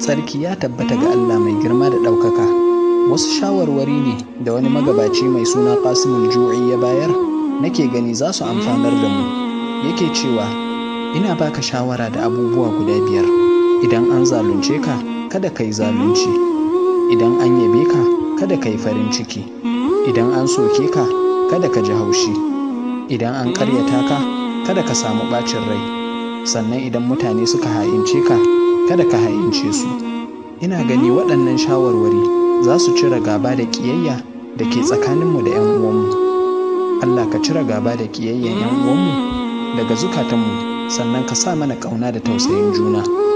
Tsarki ya tabbata ga Allah mai girma da ɗaukaka. Wasu shawarwari ne da wani magabaci mai suna Qasimul Ju'i ya bayar nake gani za su amfanar da mu. Yake cewa ina baka shawara da abubuwa guda biyar. Idan an zalunce ka, kada ka yi zalunci. Idan an yabe ka, kada ka yi farin ciki. Idan an soke ka, kada ka ji haushi. Idan an ƙaryata ka, kada ka samu ɓacin rai. sannan idan mutane suka ha'ince ka kada ka haince su ina gani waɗannan shawarwari za su cire gaba da ƙiyayya da ke tsakaninmu da 'yan uwanmu allah ka cire gaba da ƙiyayyan 'yan uwanmu daga zukatanmu sannan ka sa mana ƙauna da tausayin juna